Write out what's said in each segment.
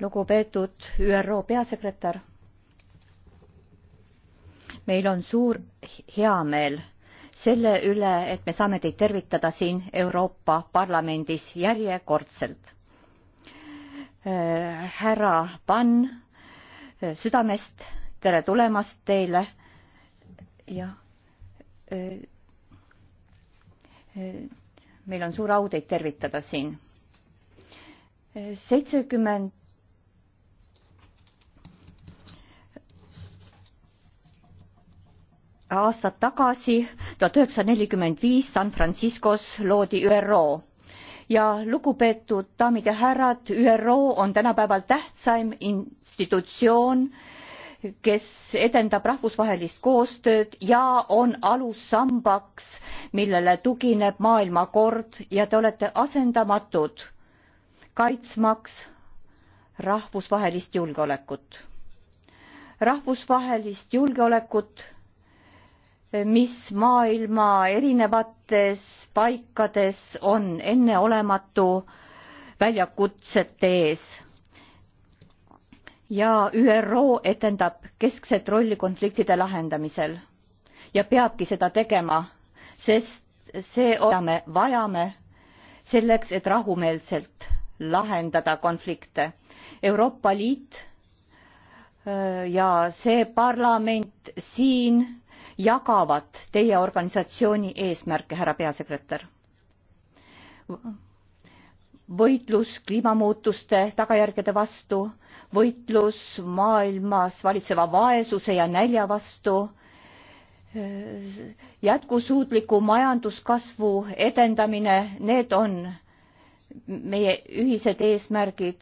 lugupeetud ÜRO peasekretär, meil on suur heameel selle üle, et me saame teid tervitada siin Euroopa Parlamendis järjekordselt äh,. härra Pann, äh, südamest tere tulemast teile ja äh, äh, meil on suur au teid tervitada siin seitsekümmend aastat tagasi, tuhat üheksasada nelikümmend viis San Franciscos loodi ÜRO ja lugupeetud daamid ja härrad, ÜRO on tänapäeval tähtsaim institutsioon, kes edendab rahvusvahelist koostööd ja on alussambaks, millele tugineb maailmakord ja te olete asendamatud kaitsmaks rahvusvahelist julgeolekut. rahvusvahelist julgeolekut, mis maailma erinevates paikades on enneolematu väljakutsete ees ja ÜRO etendab keskset rolli konfliktide lahendamisel ja peabki seda tegema, sest see on, vajame selleks, et rahumeelselt lahendada konflikte. Euroopa Liit äh, ja see parlament siin jagavad teie organisatsiooni eesmärke, härra peasekretär. võitlus kliimamuutuste tagajärgede vastu, võitlus maailmas valitseva vaesuse ja nälja vastu, äh, jätkusuutliku majanduskasvu edendamine, need on meie ühised eesmärgid,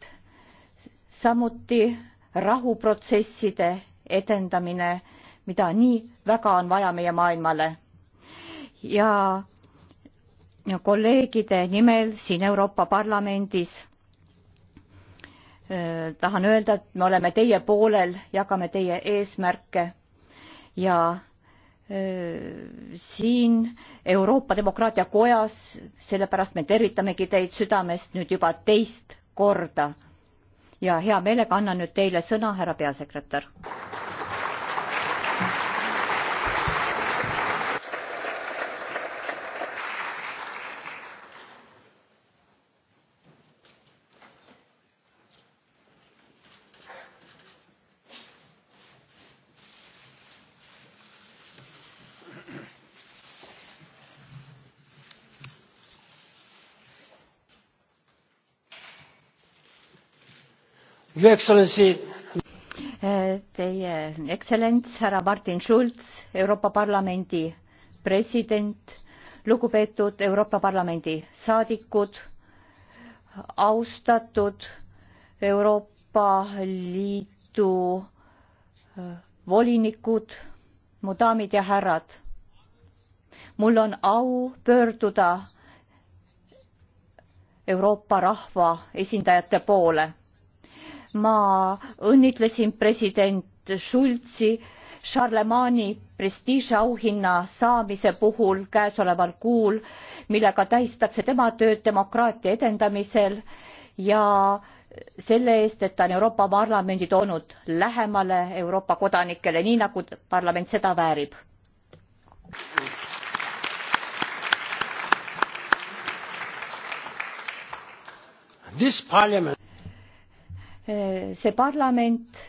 samuti rahuprotsesside edendamine, mida nii väga on vaja meie maailmale. ja kolleegide nimel siin Euroopa Parlamendis äh, tahan öelda, et me oleme teie poolel, jagame teie eesmärke ja siin Euroopa Demokraatia Kojas, sellepärast me tervitamegi teid südamest nüüd juba teist korda. ja hea meelega annan nüüd teile sõna, härra peasekretär. Teie ekstsellents härra Martin Schulz, Euroopa Parlamendi president, lugupeetud Euroopa Parlamendi saadikud, austatud Euroopa Liidu äh, volinikud, mu daamid ja härrad. mul on au pöörduda Euroopa rahva esindajate poole ma õnnitlesin president Schulzi Charlemagne'i prestiižiauhinna saamise puhul käesoleval kuul, millega tähistatakse tema tööd demokraatia edendamisel ja selle eest, et ta on Euroopa Parlamendi toonud lähemale Euroopa kodanikele, nii nagu parlament seda väärib. This parliament see parlament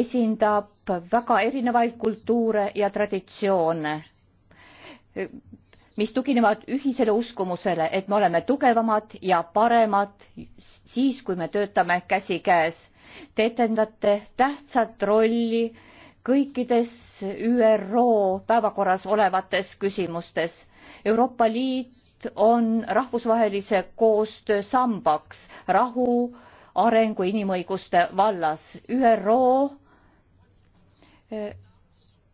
esindab väga erinevaid kultuure ja traditsioone mis tuginevad ühisele uskumusele et me oleme tugevamad ja paremad siis kui me töötame käsikäes te etendate tähtsat rolli kõikides üro päevakorras olevates küsimustes euroopa liit on rahvusvahelise koostöö sambaks rahu arengu inimõiguste vallas. ÜRO eh,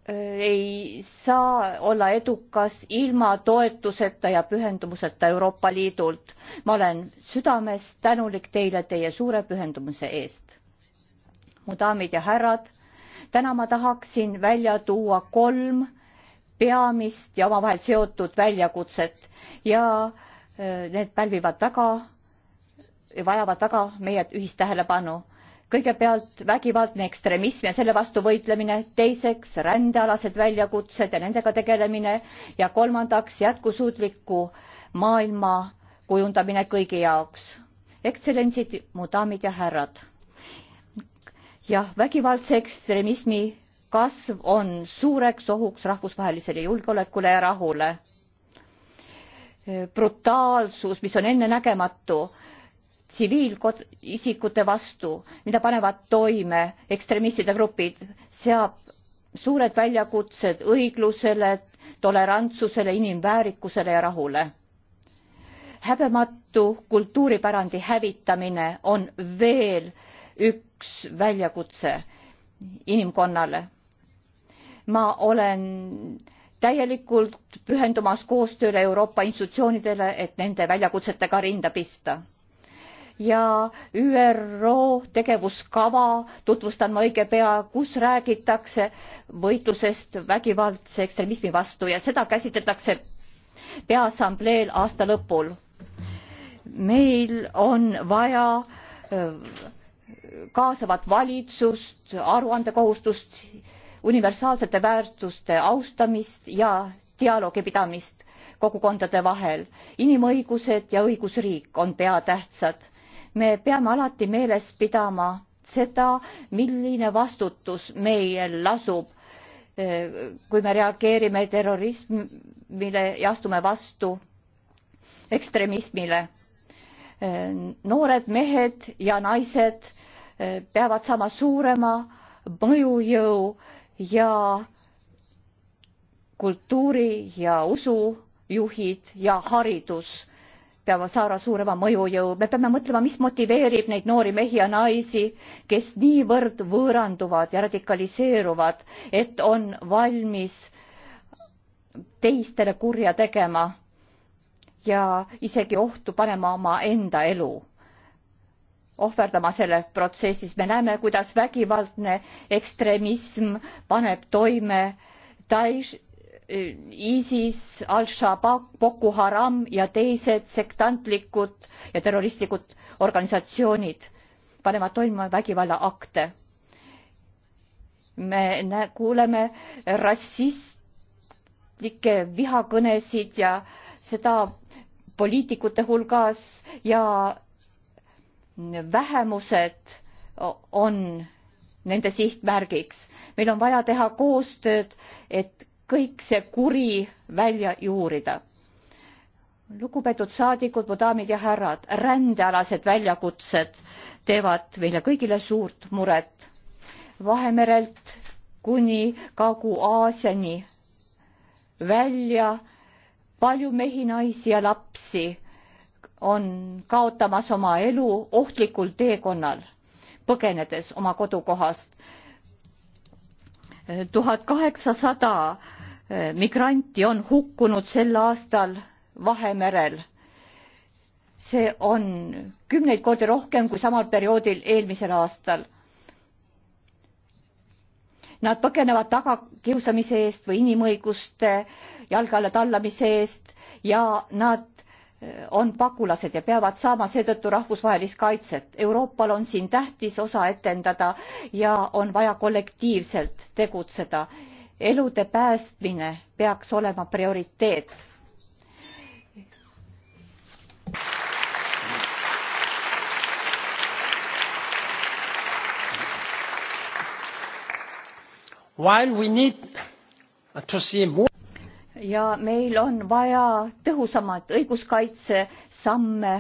eh, ei saa olla edukas ilma toetuseta ja pühendumuseta Euroopa Liidult. ma olen südamest tänulik teile teie suure pühendumuse eest. mu daamid ja härrad, täna ma tahaksin välja tuua kolm peamist ja omavahel seotud väljakutset ja eh, need pälvivad väga vajavad väga meie ühist tähelepanu. kõigepealt vägivaldne ekstremism ja selle vastu võitlemine, teiseks rändealased väljakutsed ja nendega tegelemine ja kolmandaks jätkusuutliku maailma kujundamine kõigi jaoks. ekstsellentsid, mu daamid ja härrad. jah, vägivaldse ekstremismi kasv on suureks ohuks rahvusvahelisele julgeolekule ja rahule brutaalsus mis on ennenägematu tsiviilisikute vastu, mida panevad toime ekstremistide grupid, seab suured väljakutsed õiglusele, tolerantsusele, inimväärikusele ja rahule. häbematu kultuuripärandi hävitamine on veel üks väljakutse inimkonnale. ma olen täielikult pühendumas koostööle Euroopa institutsioonidele, et nende väljakutsetega rinda pista ja ÜRO tegevuskava tutvustan ma õige pea, kus räägitakse võitlusest vägivaldse ekstremismi vastu ja seda käsitletakse peaassambleel aasta lõpul. meil on vaja kaasavat valitsust, aruandekohustust, universaalsete väärtuste austamist ja dialoogi pidamist kogukondade vahel. inimõigused ja õigusriik on peatähtsad me peame alati meeles pidama seda, milline vastutus meil lasub, kui me reageerime terrorismile ja astume vastu ekstremismile. noored mehed ja naised peavad saama suurema mõjujõu ja kultuuri ja usujuhid ja haridus peavad saama suurema mõjujõu. me peame mõtlema, mis motiveerib neid noori mehi ja naisi, kes niivõrd võõranduvad ja radikaliseeruvad, et on valmis teistele kurja tegema ja isegi ohtu panema omaenda elu ohverdama selles protsessis. me näeme, kuidas vägivaldne ekstremism paneb toime Daesh Äh, ISIS, Al-Shabaab, Boko Haram ja teised sektantlikud ja terroristlikud organisatsioonid panevad toimuma vägivallaakte. me kuuleme rassistlikke vihakõnesid ja seda poliitikute hulgas ja vähemused on nende sihtmärgiks. meil on vaja teha koostööd, et kõik see kuri välja juurida. lugupeetud saadikud, mu daamid ja härrad, rändealased väljakutsed teevad meile kõigile suurt muret. Vahemerelt kuni Kagu-Aasiani välja palju mehi, naisi ja lapsi on kaotamas oma elu ohtlikul teekonnal, põgenedes oma kodukohast tuhat kaheksasada Eh, migranti on hukkunud sel aastal Vahemerel. see on kümneid kordi rohkem kui samal perioodil eelmisel aastal. Nad põgenevad tagakiusamise eest või inimõiguste jalge alla tallamise eest ja nad eh, on pagulased ja peavad saama seetõttu rahvusvahelist kaitset. Euroopal on siin tähtis osa etendada ja on vaja kollektiivselt tegutseda elude päästmine peaks olema prioriteet. ja meil on vaja tõhusamat õiguskaitsesamme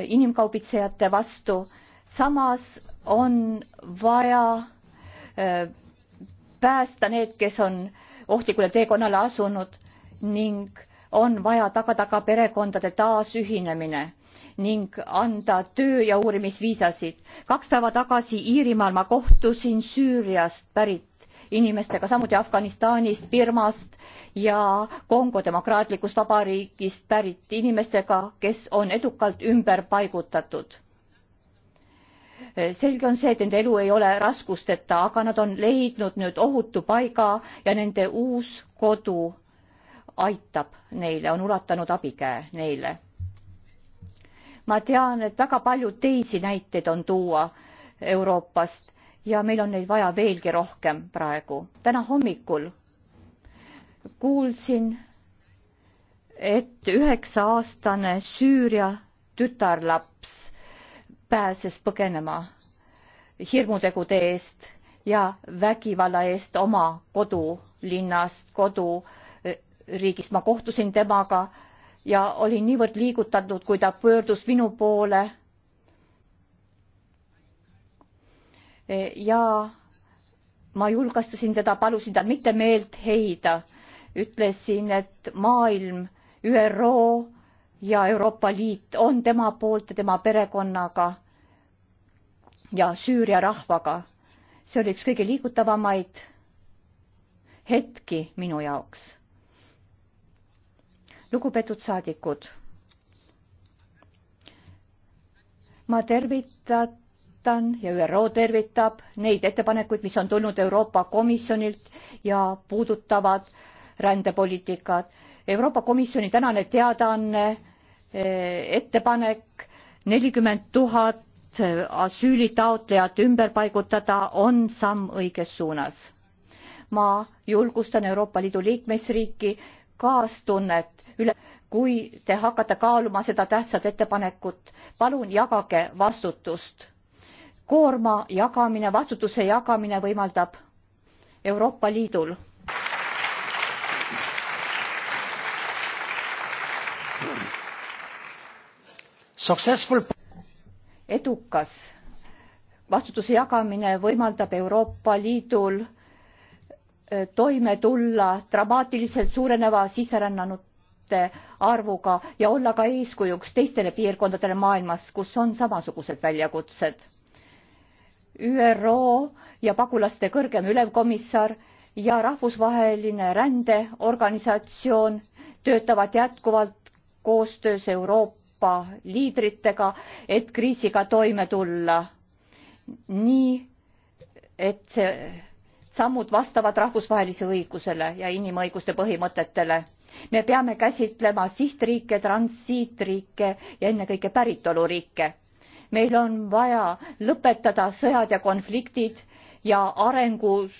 inimkaubitsejate vastu samas on vaja äh, päästa need, kes on ohtlikule teekonnale asunud ning on vaja tagada ka perekondade taasühinemine ning anda töö ja uurimisviisasid. kaks päeva tagasi Iirimaal ma kohtusin Süüriast pärit inimestega, samuti Afganistanist, Birmast ja Kongo demokraatlikust vabariigist pärit inimestega, kes on edukalt ümber paigutatud Äh, selge on see, et nende elu ei ole raskusteta, aga nad on leidnud nüüd ohutu paiga ja nende uus kodu aitab neile, on ulatanud abikäe neile. ma tean, et väga palju teisi näiteid on tuua Euroopast ja meil on neid vaja veelgi rohkem praegu. täna hommikul kuulsin, et üheksa-aastane Süüria tütarlaps pääses põgenema hirmutegude eest ja vägivalla eest oma kodulinnast koduriigist. Eh, ma kohtusin temaga ja olin niivõrd liigutatud kui ta pöördus minu poole eh, ja ma julgastasin teda palusin tal mitte meelt heida ütlesin et maailm üro ja Euroopa Liit on tema poolt ja tema perekonnaga ja Süüria rahvaga. see oli üks kõige liigutavamaid hetki minu jaoks. lugupeetud saadikud, ma tervitan ja ÜRO tervitab neid ettepanekuid, mis on tulnud Euroopa Komisjonilt ja puudutavad rändepoliitikat. Euroopa Komisjoni tänane teadaanne Eh, ettepanek nelikümmend tuhat eh, asüülitaotlejat ümber paigutada on samm õiges suunas. ma julgustan Euroopa Liidu liikmesriiki kaastunnet üle, kui te hakkate kaaluma seda tähtsat ettepanekut, palun jagage vastutust. koorma jagamine, vastutuse jagamine võimaldab Euroopa Liidul Successful... edukas vastutuse jagamine võimaldab Euroopa Liidul äh, toime tulla dramaatiliselt suureneva sisserännanute arvuga ja olla ka eeskujuks teistele piirkondadele maailmas, kus on samasugused väljakutsed. ÜRO ja pagulaste kõrgem ülemkomissar ja rahvusvaheline rändeorganisatsioon töötavad jätkuvalt koostöös Euroopa Euroopa liidritega, et kriisiga toime tulla. nii, et see sammud vastavad rahvusvahelise õigusele ja inimõiguste põhimõtetele. me peame käsitlema sihtriike, transiitriike ja ennekõike päritoluriike. meil on vaja lõpetada sõjad ja konfliktid ja arengus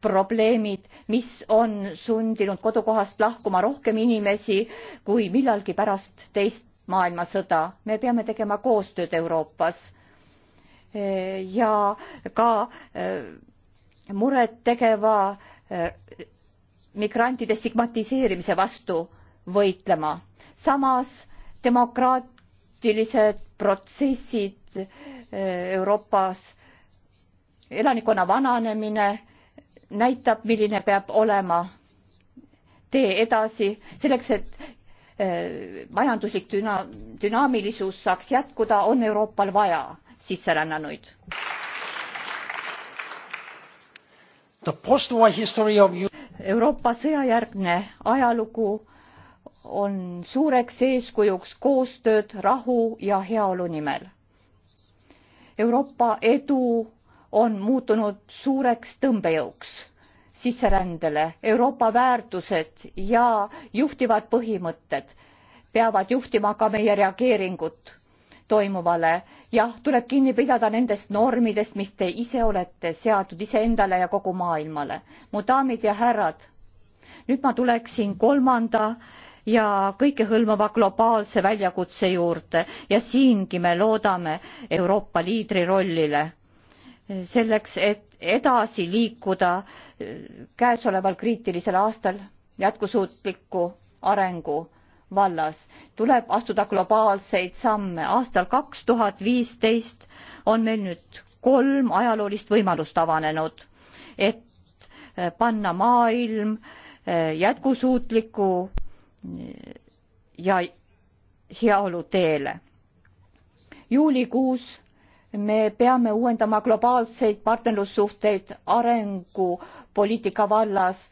probleemid, mis on sundinud kodukohast lahkuma rohkem inimesi kui millalgi pärast teist maailmasõda, me peame tegema koostööd Euroopas e, ja ka e, muret tegeva e, migrantide stigmatiseerimise vastu võitlema. samas demokraatilised protsessid Euroopas, elanikkonna vananemine näitab, milline peab olema tee edasi selleks, et Äh, majanduslik düna-, dünaamilisus saaks jätkuda, on Euroopal vaja sisserännanuid. Euroopa sõjajärgne ajalugu on suureks eeskujuks koostööd rahu ja heaolu nimel. Euroopa edu on muutunud suureks tõmbejõuks sisserändele. Euroopa väärtused ja juhtivad põhimõtted peavad juhtima ka meie reageeringut toimuvale. jah, tuleb kinni pidada nendest normidest, mis te ise olete seadnud iseendale ja kogu maailmale. mu daamid ja härrad, nüüd ma tuleksin kolmanda ja kõikehõlmava globaalse väljakutse juurde ja siingi me loodame Euroopa liidri rollile selleks, et edasi liikuda käesoleval kriitilisel aastal jätkusuutliku arengu vallas. tuleb astuda globaalseid samme. aastal kaks tuhat viisteist on meil nüüd kolm ajaloolist võimalust avanenud, et panna maailm eh, jätkusuutliku eh, ja heaolu teele. juulikuus me peame uuendama globaalseid partnerlussuhteid arengupoliitika vallas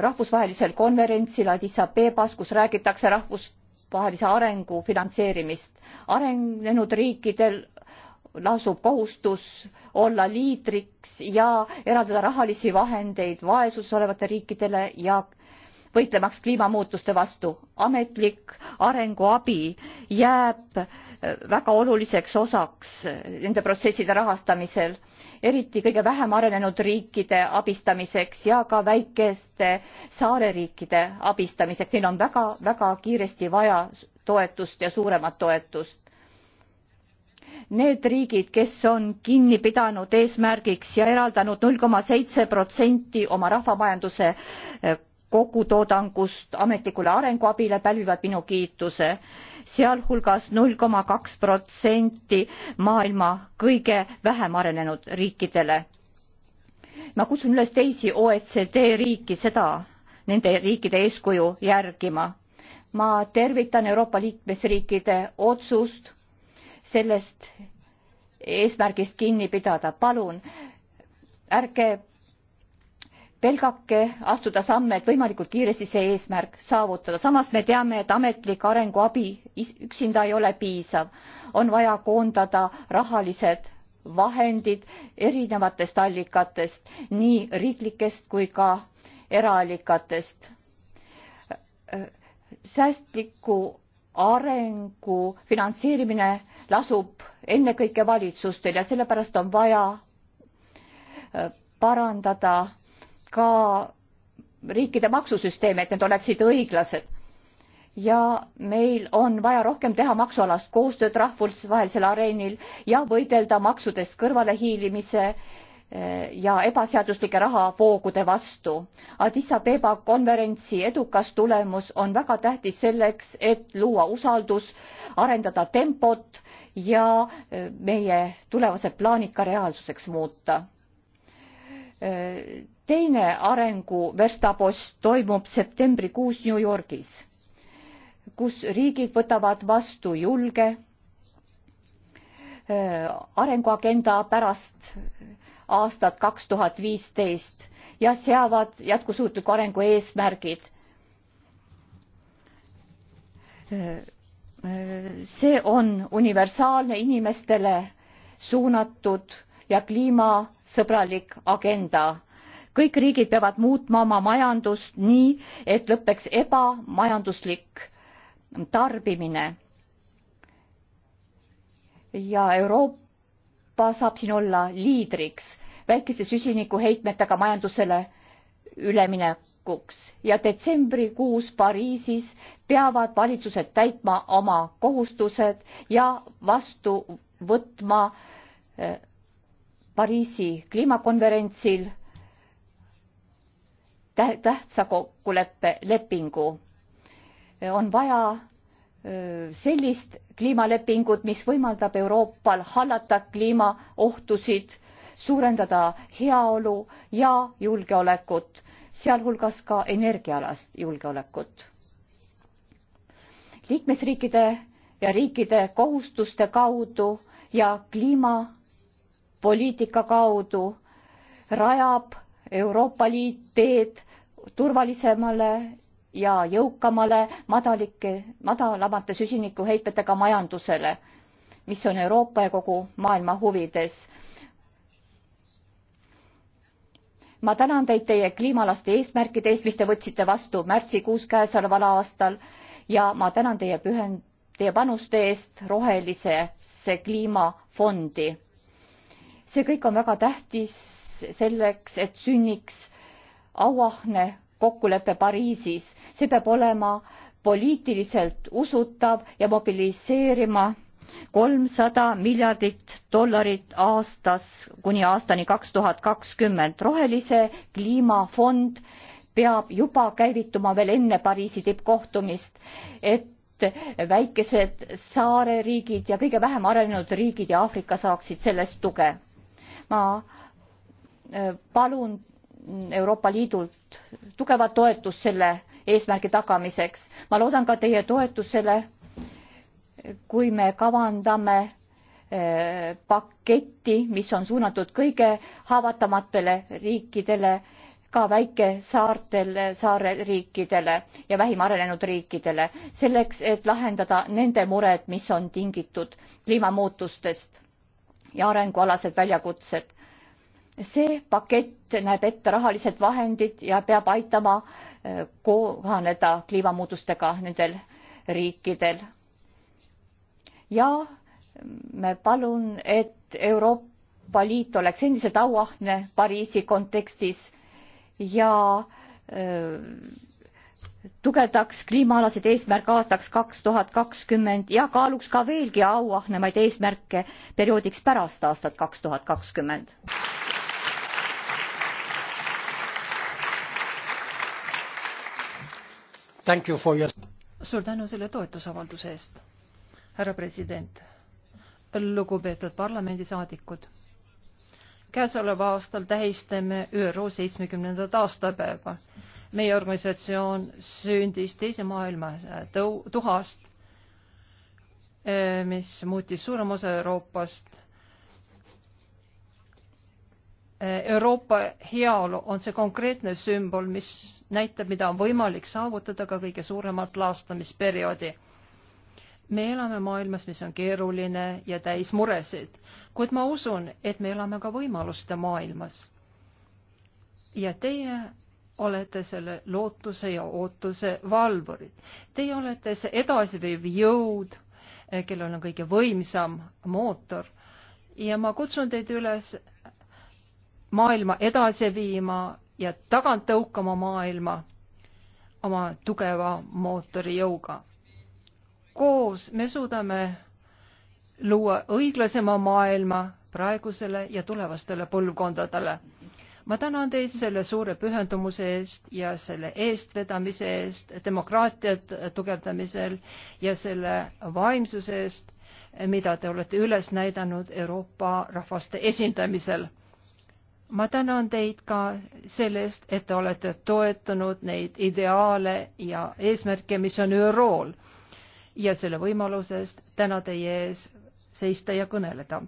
rahvusvahelisel konverentsil addis abebas kus räägitakse rahvusvahelise arengu finantseerimist. arenenud riikidel lasub kohustus olla liidriks ja eraldada rahalisi vahendeid vaesuses olevatele riikidele ja võitlemaks kliimamuutuste vastu. ametlik arenguabi jääb äh, väga oluliseks osaks äh, nende protsesside rahastamisel, eriti kõige vähem arenenud riikide abistamiseks ja ka väikeste saareriikide abistamiseks. Neil on väga-väga kiiresti vaja toetust ja suuremat toetust need riigid kes on kinni pidanud eesmärgiks ja eraldanud 0,7 protsenti oma rahvamajanduse äh, kogutoodangust ametlikule arenguabile pälvivad minu kiituse sealhulgas null koma kaks protsenti maailma kõige vähem arenenud riikidele ma kutsun üles teisi oecd riiki seda nende riikide eeskuju järgima ma tervitan euroopa liikmesriikide otsust sellest eesmärgist kinni pidada palun ärge pelgake astuda samme et võimalikult kiiresti see eesmärk saavutada samas me teame et ametlik arenguabi üksinda ei ole piisav on vaja koondada rahalised vahendid erinevatest allikatest nii riiklikest kui ka eraallikatest säästliku arengu finantseerimine lasub ennekõike valitsustel ja sellepärast on vaja äh, parandada ka riikide maksusüsteeme, et need oleksid õiglased. ja meil on vaja rohkem teha maksualast koostööd rahvusvahelisel areenil ja võidelda maksudest kõrvalehiilimise eh, ja ebaseaduslike rahavoogude vastu. Addis Abeba konverentsi edukas tulemus on väga tähtis selleks, et luua usaldus, arendada tempot ja eh, meie tulevased plaanid ka reaalsuseks muuta. Eh, teine arengu verstapost toimub septembrikuus New Yorgis, kus riigid võtavad vastu julge äh, arenguagenda pärast aastat kaks tuhat viisteist ja seavad jätkusuutliku arengu eesmärgid. Äh, äh, see on universaalne inimestele suunatud ja kliimasõbralik agenda kõik riigid peavad muutma oma majandust nii, et lõpeks ebamajanduslik tarbimine. ja Euroopa saab siin olla liidriks väikeste süsinikuheitmetega majandusele üleminekuks ja detsembrikuus Pariisis peavad valitsused täitma oma kohustused ja vastu võtma eh, Pariisi kliimakonverentsil tähtsa kokkuleppe lepingu. on vaja sellist kliimalepingut, mis võimaldab Euroopal hallata kliimaohtusid, suurendada heaolu ja julgeolekut, sealhulgas ka energiaalast julgeolekut. liikmesriikide ja riikide kohustuste kaudu ja kliimapoliitika kaudu rajab Euroopa Liit teed turvalisemale ja jõukamale madalike, madalamate süsinikuheitmetega majandusele, mis on Euroopa ja kogu maailma huvides. ma tänan teid teie kliimalaste eesmärkide eest, mis te võtsite vastu märtsikuus käesoleval aastal ja ma tänan teie pühend-, teie panuste eest rohelisesse kliimafondi. see kõik on väga tähtis selleks, et sünniks auahne kokkulepe Pariisis, see peab olema poliitiliselt usutav ja mobiliseerima kolmsada miljardit dollarit aastas kuni aastani kaks tuhat kakskümmend. rohelise kliimafond peab juba käivituma veel enne Pariisi tippkohtumist, et väikesed saareriigid ja kõige vähem arenenud riigid ja Aafrika saaksid sellest tuge. ma äh, palun Euroopa Liidult tugevat toetust selle eesmärgi tagamiseks. ma loodan ka teie toetusele, kui me kavandame eh, paketti, mis on suunatud kõige haavatamatele riikidele, ka väikesaartele, saareriikidele ja vähim arenenud riikidele, selleks et lahendada nende mured, mis on tingitud kliimamuutustest ja arengualased väljakutsed see pakett näeb ette rahalised vahendid ja peab aitama äh, kohaneda kliimamuutustega nendel riikidel. ja me palun, et Euroopa Liit oleks endiselt auahne Pariisi kontekstis ja öö, äh, tugevdaks kliimaalaseid eesmärke aastaks kaks tuhat kakskümmend ja kaaluks ka veelgi auahnemaid eesmärke perioodiks pärast aastat kaks tuhat kakskümmend. You your... suur tänu selle toetusavalduse eest, härra president. lugupeetud parlamendisaadikud. käesoleval aastal tähistame ÜRO seitsmekümnendat aastapäeva. meie organisatsioon sündis Teise maailma tõu-, tuhast, eh, mis muutis suurema osa Euroopast Euroopa heaolu on see konkreetne sümbol, mis näitab, mida on võimalik saavutada ka kõige suuremat laastamisperioodi. me elame maailmas, mis on keeruline ja täis muresid, kuid ma usun, et me elame ka võimaluste maailmas. ja teie olete selle lootuse ja ootuse valvurid. Teie olete see edasiviiv jõud, eh, kellel on kõige võimsam mootor ja ma kutsun teid üles maailma edasi viima ja tagant tõukama maailma oma tugeva mootorijõuga. koos me suudame luua õiglasema maailma praegusele ja tulevastele põlvkondadele. ma tänan teid selle suure pühendumuse eest ja selle eestvedamise eest demokraatiat tugevdamisel ja selle vaimsuse eest, mida te olete üles näidanud Euroopa rahvaste esindamisel ma tänan teid ka sellest, et te olete toetanud neid ideaale ja eesmärke, mis on ÜRO-l ja selle võimalusest täna teie ees seista ja kõneleda.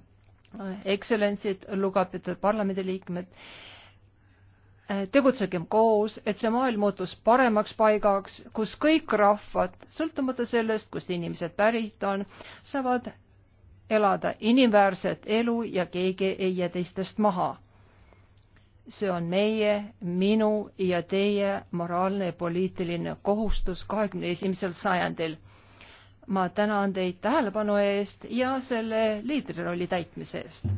Ekstsellentsid, lugupeetud parlamendiliikmed, tegutsegem koos, et see maailm muutus paremaks paigaks, kus kõik rahvad, sõltumata sellest, kust inimesed pärit on, saavad elada inimväärset elu ja keegi ei jää teistest maha see on meie, minu ja teie moraalne ja poliitiline kohustus kahekümne esimesel sajandil. ma tänan teid tähelepanu eest ja selle liidrirolli täitmise eest.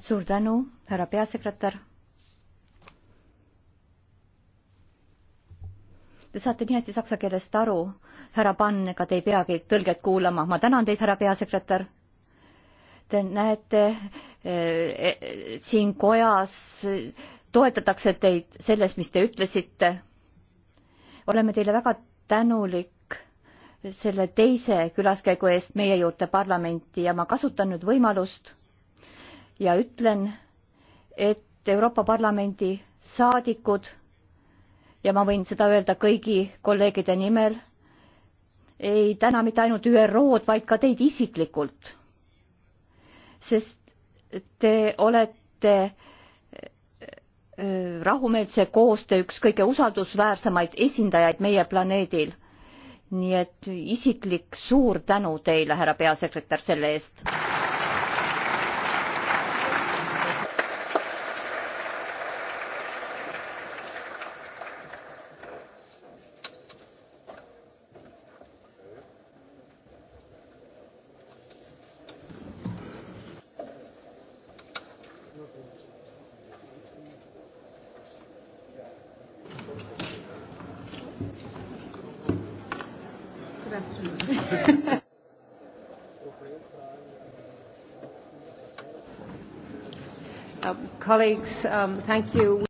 suur tänu, härra peasekretär. Te saate nii hästi saksa keelest aru, härra Pann, ega te ei peagi tõlget kuulama. ma tänan teid, härra peasekretär. Te näete, eh, eh, siin kojas toetatakse teid selles, mis te ütlesite. oleme teile väga tänulik selle teise külaskäigu eest meie juurde parlamenti ja ma kasutan nüüd võimalust ja ütlen, et Euroopa Parlamendi saadikud ja ma võin seda öelda kõigi kolleegide nimel, ei täna mitte ainult ÜRO-d, vaid ka teid isiklikult. sest te olete äh, rahumeelse koostöö üks kõige usaldusväärsemaid esindajaid meie planeedil nii et isiklik suur tänu teile, härra peasekretär, selle eest. colleagues, um, thank you.